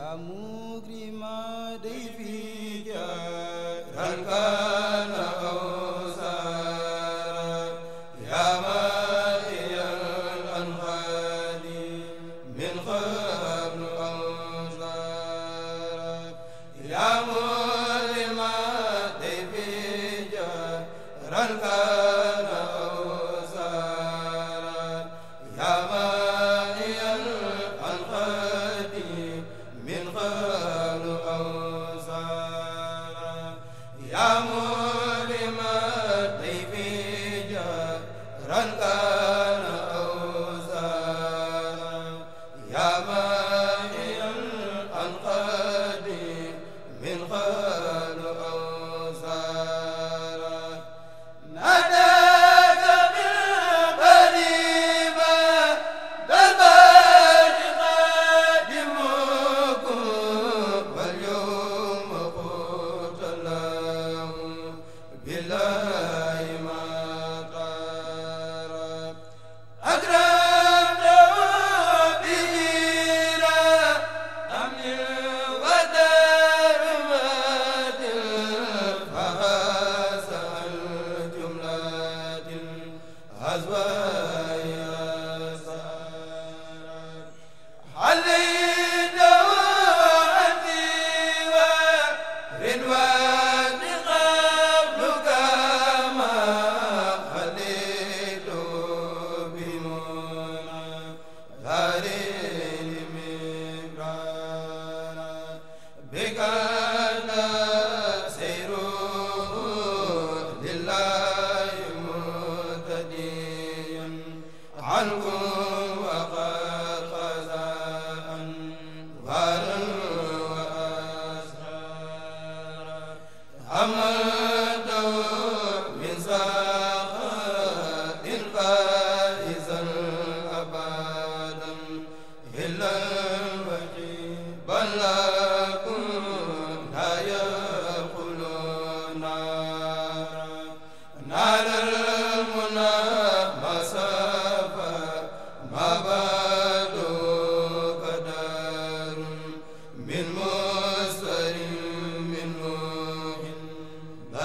يا مغرما ضيف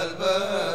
الباب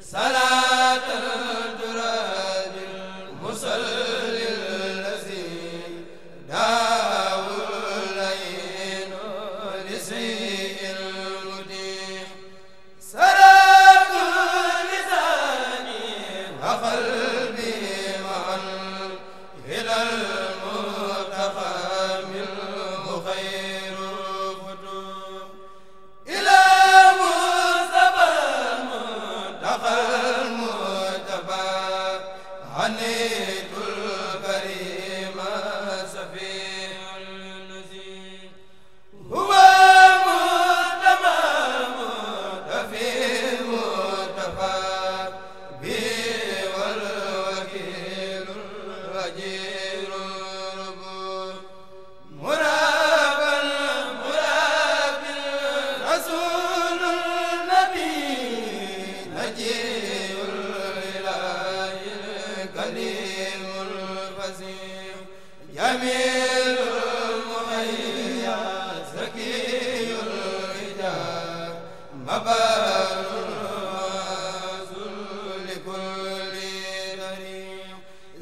salaam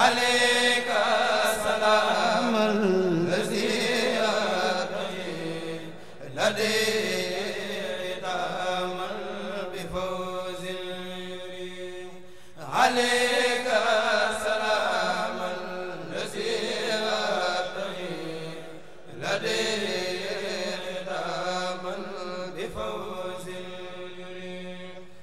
ale